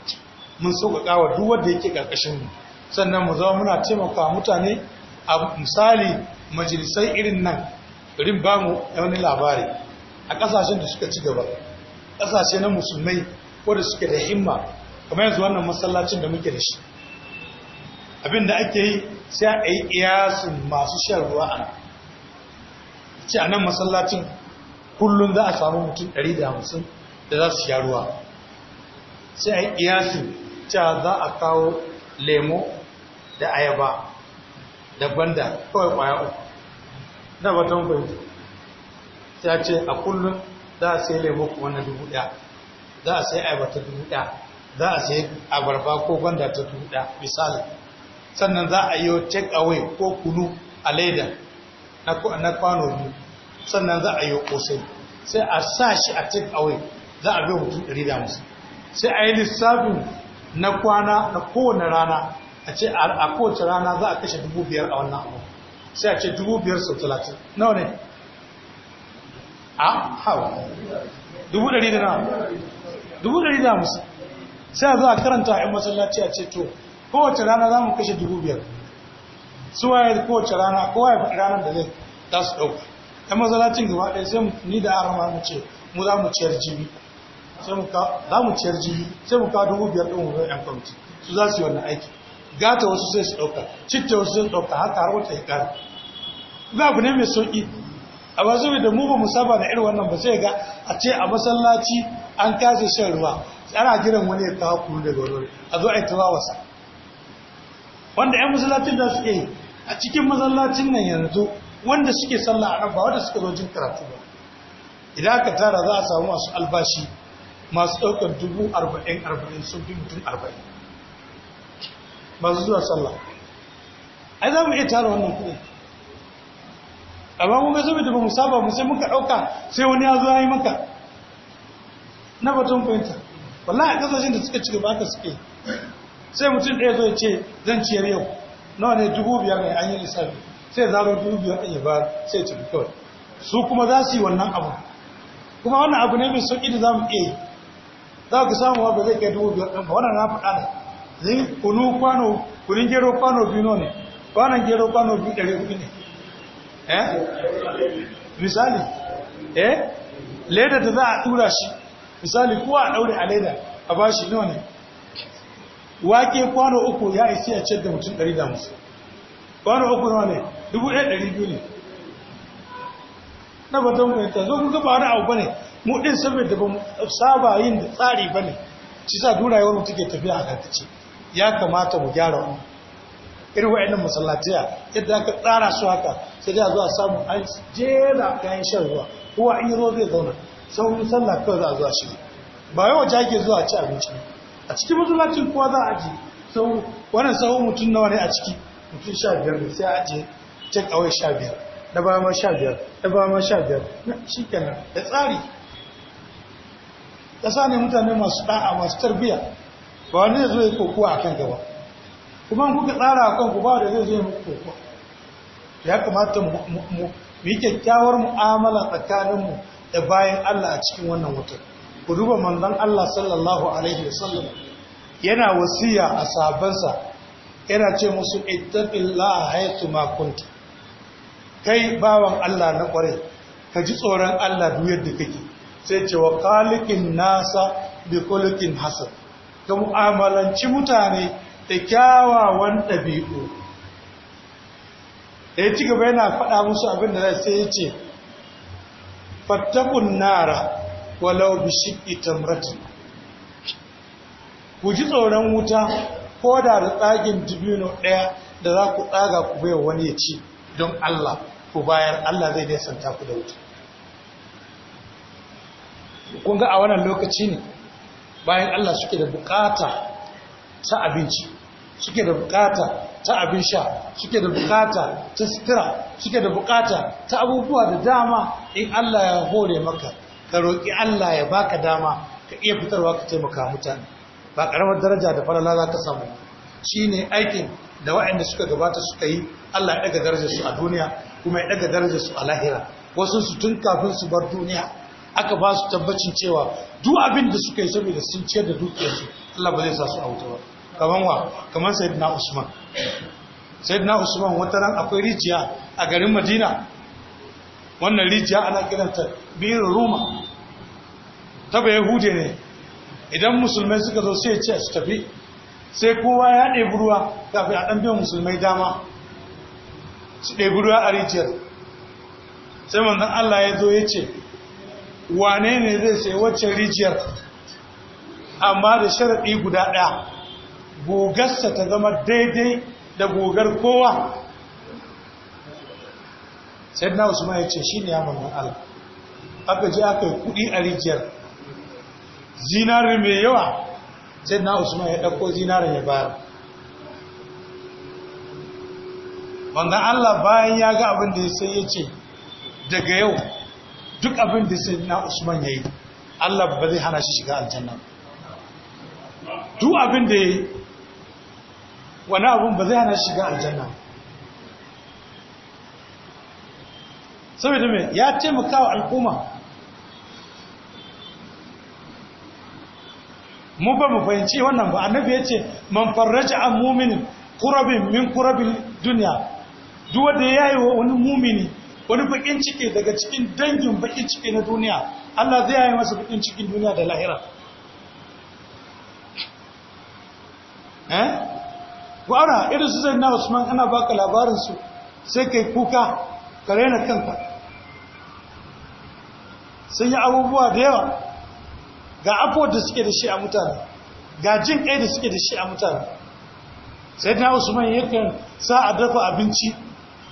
mun sauƙaƙa wa duk wanda yake ƙarƙashin mu sannan mu zama muna taimaka mutane a misali majalisai irin nan irin bamu wani labari a ƙasashen da suka ci gaba ƙasashe na musulmai wadda suke da himma kamar yanzu wannan masallacin da muke da shi abin da ake yi sai a yi iyasun masu shan ruwa a ce a nan masallacin kullum za a samu mutum 150 da za su sha ruwa sai a yi iyasin cewa za a kawo lemo da ayaba da gwanda kawai kwaya uku na batun fahimta sai a ce a kullum za a sai lemo kuma na dubu ɗaya za a sai aibata dubu ɗaya za a sai abarba ko gwanda ta dubu ɗaya misali sannan za a yi take away ko kunu a laida na kwano biyu sannan za a yi kosai sai a sa shi a take away za a biyu mutum ɗari da musu sai a yi lissafin na kwana na kowane rana a ce a kowace rana za a kashe dubu biyar a wannan abu sai a ce dubu biyar sau talatin nawa ne Ah, dubu ɗari da dubu ɗari da sai a a karanta a 'yan masallaci a ce to kowace rana za mu kashe dubu biyar su waye kowace rana kowa ya faɗi ranar da zai za su ɗauka ɗan masallacin gaba ɗaya sai ni da arama mu ce mu za mu ciyar jibi sai mu ka za mu ciyar jibi sai mu ka dubu biyar ɗin wurin 'yan kwamiti su za su yi wannan aiki gata wasu sai su ɗauka citta wasu sai su ɗauka haka har wata ya ƙara za ku ne mai sauƙi amma saboda mu ba mu saba da irin wannan ba sai ga a ce a masallaci an kasa shan ruwa ana jiran wani ya kawo kunu daga wani a zo a yi turawarsa wanda yan masallacin da suke yi a cikin masallacin nan yanzu wanda suke sallah a nan ba wanda suka zo jin karatu ba idan aka tara za a samu masu albashi masu ɗaukar dubu arba'in arba'in sun fi mutum arba'in masu zuwa sallah ai za mu iya tara wannan kuɗin amma mun ga da ba mu saba mu sai muka dauka sai wani ya zo yi maka na batun fahimta wallahi kasashen da suka ba ka suke sai mutum ɗaya zo ya ce zan ciyar yau nawa ne dubu biyar mai an yi lissafi sai zaro dubu biyar ɗin yi ba sai ci kawai su kuma za su yi wannan abu kuma wannan abu ne mai sauƙi da za mu iya yi za ku samu ba zai kai dubu biyar ɗin ba wannan na faɗa da zai kunu kwano kunin gero kwano biyu ne kwanan gero kwano biyu ɗari hudu ne eh misali eh leda da za a tura shi misali kuwa a daure a leda a bashi nawa ne wake kwano uku ya isi a ciyar da mutum 150 kwano uku nawa ne biyu ne na don kwanta zo kuka ba wani abu ne mu din saboda ba saba yin da tsari ba ne shi sa yawon mutum ke tafiya a kantace ya kamata mu gyara wani irin inda musallatiya yadda aka tsara su haka sai dai zuwa samu an jera kayan shan ruwa kowa in yi ruwa zai zauna sauran sallah kawai za a zuwa shi ba yawa ke zuwa ci abinci a cikin musallacin kowa za a ji sau wannan sau mutum nawa ne a ciki mutum sha biyar ne sai a je take awai sha biyar da ba ma sha biyar da ba ma sha biyar shi kenan da tsari ƙasa ne mutane masu ɗa'a masu tarbiyya ba wani zai zo ya kokowa a kan gaba kuma kuka tsara a ku ba da zai zai muku koko ya kamata mu yi kyakkyawar mu'amala tsakaninmu da bayan Allah a cikin wannan watan ku duba manzon Allah sallallahu alaihi wasallam yana wasiya a sabansa yana ce musu ittaqillaha haythu ma kai bawan Allah na kware ka ji tsoron Allah duk yadda kake sai ce wa khaliqin nasa bi khuluqin hasan ka mu'amalanci mutane da kyawawan ɗabi'u da ya ci gaba yana faɗa musu abin da sai ya ce fattakun nara walau bishi itamratin ku ji tsoron wuta ko da da tsagin dubino ɗaya da za ku tsaga ku baiwa wani ya ci don Allah ku bayar Allah zai nesanta ku da wuta kun ga a wannan lokaci ne bayan Allah suke da bukata ta abinci suke da bukata ta abin sha suke da bukata ta sitira suke da bukata ta abubuwa da dama in Allah ya hore maka ka roƙi Allah ya baka dama ka iya fitarwa ka taimaka mutane ba ƙaramar daraja da falala za ka samu shine aikin da waɗanda suka gabata suka yi Allah ya ɗaga darajar su a duniya kuma ya ɗaga darajar su a lahira wasu su tun kafin su bar duniya aka ba su tabbacin cewa duk abin da suka yi saboda sun ciyar da dukiyarsu Allah ba zai sa su a ba kaman wa kaman sayyidina usman sayyidina usman wata ran akwai rijiya a garin madina wannan rijiya ana kiranta bir roma ta bai hude ne idan musulmai suka zo sai ce su tafi sai kowa ya ɗebi ruwa kafin a ɗan biyan musulmai dama su ɗebi ruwa a rijiyar sai manzan Allah ya zo ya ce wane ne zai sai wacce rijiyar amma da sharaɗi guda ɗaya gogarsa ta zama daidai da gogar kowa sai na usman ya ce shi ne ya mamman allah aka ji aka yi kudi a rijiyar zinari mai yawa sai na usman ya ɗauko zinari ya bayar wanda allah bayan ya ga abin da ya sai ya ce daga yau duk abin da sai na usman ya yi allah ba zai hana shi shiga aljanna duk abin da ya yi wani abun ba zai hana shiga aljanna saboda mai ya taimaka wa al'umma mu ba mu fahimci wannan ba annabi ya ce man farraja an muminin kurabin min kurabin duniya duwa da ya yi wa wani mumini wani bakin ciki daga cikin dangin bakin ciki na duniya Allah zai yi masa bakin cikin duniya da lahira eh? Gwara irin su zai na usman ana baka labarinsu sai kai kuka ka raina kanka sun yi abubuwa da yawa ga abubuwa da suke da shi a mutane ga jin ɗaya da suke da shi a mutane sai na usman yakan sa a dafa abinci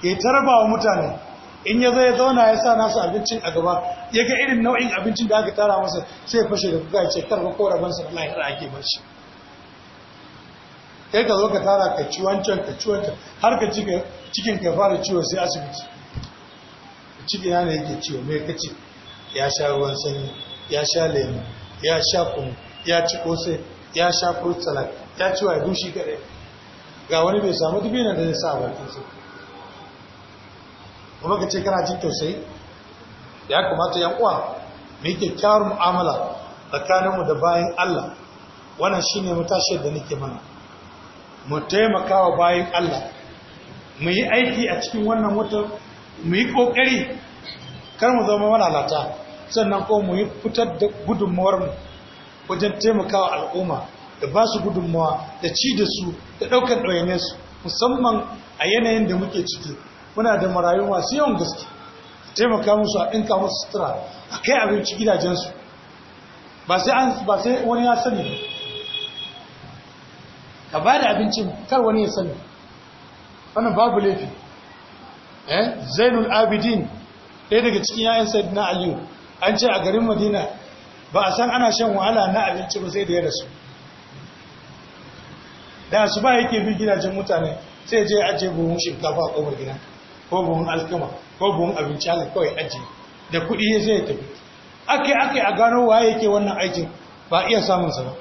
ya tarba wa mutane in ya zai zauna ya sa nasu abincin a gaba ya ga irin nau'in abincin da aka tara masa sai fashe da kuka ya ce karfa ko rabansa Allah ya ake bashi kai ka zo ka tara ka ci wancan ka ci wancan har ka ci cikin ka fara ciwo sai asibiti ci ina ne yake ciwo mai ci? ya sha ruwan sanyi ya sha lemu ya sha kunu ya ci kose ya sha fruit salad ya ci waye dushi kadai ga wani bai samu dubina da zai sa a bakin sa kuma ka ce kana jin tausayi ya kamata yan uwa mu kyakkyawar mu'amala tsakaninmu da bayan Allah wannan shine mutashiyar da nake mana mu taimaka wa bayan Allah mu yi aiki a cikin wannan watan mu yi ƙoƙari kar mu zama malalata sannan ko mu yi fitar da gudunmawar wajen taimaka wa al'umma da ba su gudunmawa da ci da su da ɗaukar ɗawainiyar musamman a yanayin da muke ciki muna da marayu masu yawan gaske taimaka musu a ɗinka musu sutura a kai abinci gidajensu ba sai wani ya sani ka ba da abincin kar wani ya sani wannan babu laifi eh zainul abidin ɗaya daga cikin yayan sayyidina aliyu an ce a garin madina ba a san ana shan wahala na abinci ba sai da ya rasu da su ba yake bi gidajen mutane sai je ajiye buhun shinkafa a kofar gida ko buhun alkama ko buhun abinci haka kawai ajiye da kuɗi ya sai ya tafi ake ake a gano waye yake wannan aikin ba iya samun sa ba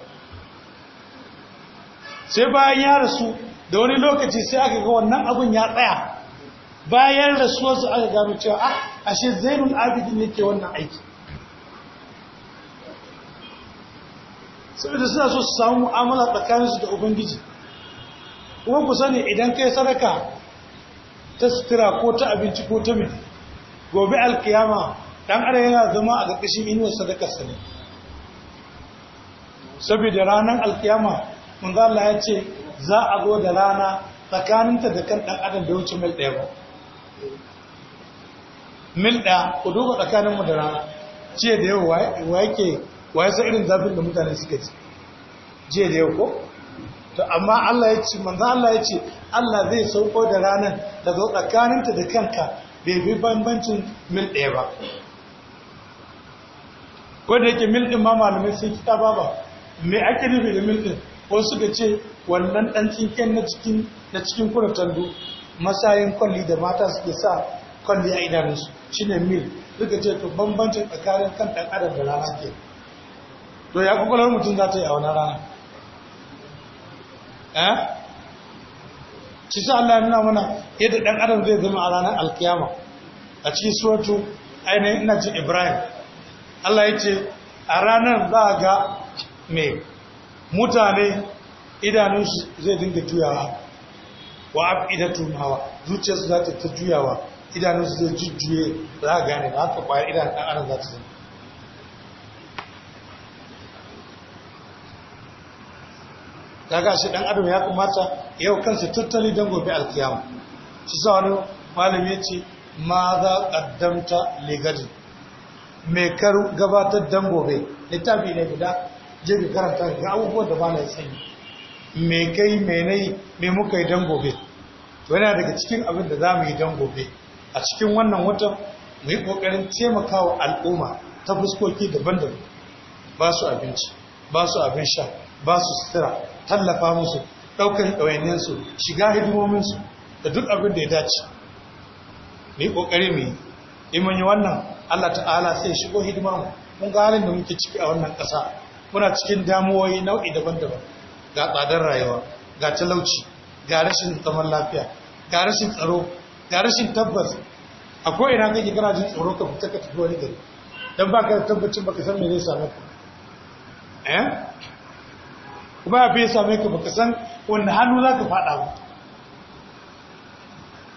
sai bayan ya rasu da wani lokaci sai aka ga wannan abin ya tsaya bayan rasuwarsu aka gano cewa a ah, ashe zainul abidin yake wannan aiki saboda suna so su samu mu'amala tsakaninsu da ubangiji kuma ku sani idan kai sadaka ta sutura ko ta abinci ko ta mai gobe alkiyama dan ara yana zama a ƙarƙashin inuwar sadakarsa ne saboda ranar alkiyama manzo Allah ya ce za a zo da rana tsakaninta da kan ɗan adam da wuce mil ɗaya ba mil ɗaya ku duba tsakaninmu da rana ce da yau wa yake wa yasa irin zafin da mutane suka ji jiya da yau ko to amma Allah ya ce manzo Allah ya ce Allah zai sauko da ranar da zo tsakaninta da kanka bai bi bambancin mil ɗaya ba ko da yake mil ɗin ma malamai sun kita ba ba me ake nufi da mil ɗin wasu suka ce wannan ɗan tsinken na cikin na cikin tandu masayin kwalli da mata suke sa kwalli a idanunsu shine mil suka ce to bambancin tsakanin kan ɗan adam da rana ke to ya kwakwalwar mutum za ta yi a wani rana eh shi sa Allah nuna mana yadda ɗan adam zai zama a ranar alkiyama a cikin suratu ainihin ina ce Ibrahim Allah ya ce a ranar za a ga mai mutane idanunsu zai dinga juyawa wa abidatu hawa zuciyarsu za ta ta juyawa idanunsu zai jujjuye za a gane ba haka kwayar idan ɗan adam za ta zama kaga shi ɗan adam ya kamata yau kansa tattali don gobe alkiyama su sa wani malami ya ce ma za ƙaddamta legadi mai gabatar don gobe littafi ne guda je ka karanta ga abubuwan da ba na sani me kai me nai me muka yi dan gobe to yana daga cikin abin da za mu yi dan gobe a cikin wannan wata mu yi kokarin taimakawa al'umma ta fuskoki daban-daban ba su abinci ba su abin sha ba su sutura tallafa musu ɗaukar ɗawainiyarsu shiga hidimominsu da duk abin da ya dace mu yi ƙoƙari mu yi in mun yi wannan Allah ta'ala sai shigo hidima mu mun ga halin da muke ciki a wannan ƙasa muna cikin damuwoyi nau'i daban-daban ga tsadar rayuwa ga talauci ga rashin zaman lafiya ga rashin tsaro ga rashin tabbas a ina kake kana jin tsoro ka fita ka tafi wani gari don ba ka tabbacin baka san me zai same ka eh kuma ya fi same ka baka san wanda hannu za ka fada ba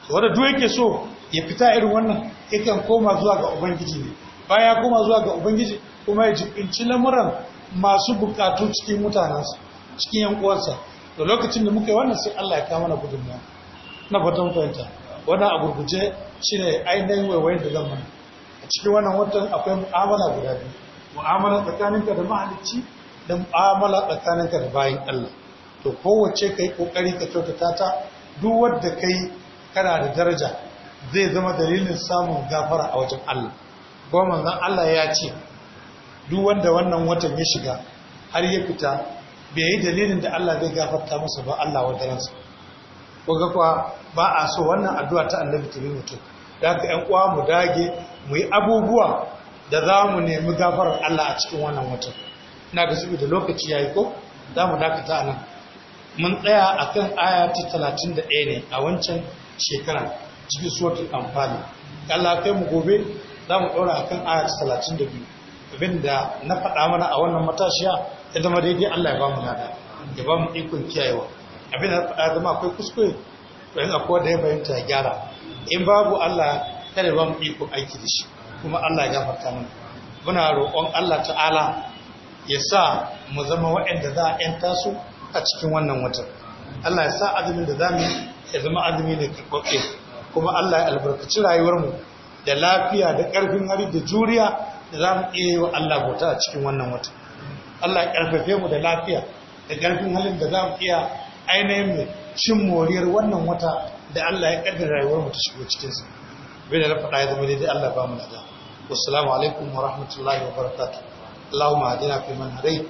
wanda duk yake so ya fita irin wannan yakan koma zuwa ga ubangiji ne baya koma zuwa ga ubangiji kuma ya jibinci lamuran masu bukatu cikin mutanensa cikin yankuwansa da lokacin da muka yi wannan sai Allah ya na mana ya na fatan fahimta wannan a gurguje ne ainihin waiwayin da zan a cikin wannan watan akwai mu'amala guda biyu mu'amala tsakaninka da mahalicci da mu'amala tsakaninka da bayan Allah to kowace yi kokari ka kyautata ta duk wanda yi kana da daraja zai zama dalilin samun gafara a wajen Allah goma zan Allah ya ce duk wanda wannan watan ya shiga har ya fita bai yi dalilin da Allah zai gafarta masa ba Allah wa daransa ga kuwa ba a so wannan addu'a ta annabi ta mutum da ka ƴan uwa mu dage mu yi abubuwa da za mu nemi gafarar Allah a cikin wannan watan ina ga da lokaci ya yi ko za mu dakata a nan mun tsaya akan aya ta talatin da ɗaya ne a wancan shekara cikin suwatul amfani Allah kai mu gobe za mu ɗora akan aya ta talatin da biyu abinda na faɗa mana a wannan matashiya ya zama daidai Allah ya ba mu nada ya ba mu ikon kiyayewa Abin da faɗa zama akwai kuskure ko akwai da ya fahimta ya gyara in babu Allah da ba mu ikon aiki da shi kuma Allah ya gafarta mana muna roƙon Allah ta'ala ya sa mu zama waɗanda za a ‘yanta su a cikin wannan watan Allah ya sa azumin da za mu ya zama azumi da karɓaɓɓe kuma Allah ya albarkaci mu da lafiya da ƙarfin hari da juriya da za mu iya yi wa Allah bauta a cikin wannan wata Allah ya karfafe mu da lafiya da ƙarfin halin da za mu iya ainihin mu cin moriyar wannan wata da Allah ya ƙarfin rayuwar mu ta shigo cikin sa bai da faɗa ya zama daidai Allah ba mu nada wassalamu alaikum wa rahmatullahi wa barakatuh hadina fi man hadai.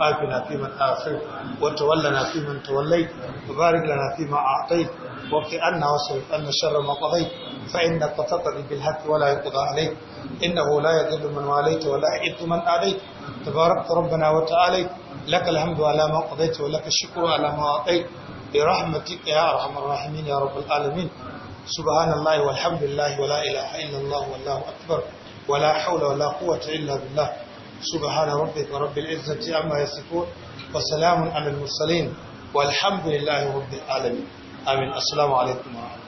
وآتنا فيمن آخر وتولنا فيمن توليت وبارك لنا فيما أعطيت وقي أن واصرف أن شر ما قضيت فإنك تقضي بالحق ولا يقضى عليك إنه لا يذل من واليت ولا يعز من آليت تباركت ربنا وتعاليت لك الحمد على ما قضيت ولك الشكر على ما أعطيت برحمتك يا أرحم الراحمين يا رب العالمين سبحان الله والحمد لله ولا إله إلا الله والله أكبر ولا حول ولا قوة إلا بالله سبحان ربك رب العزة عما يصفون وسلام على المرسلين والحمد لله رب العالمين آمين السلام عليكم ورحمة الله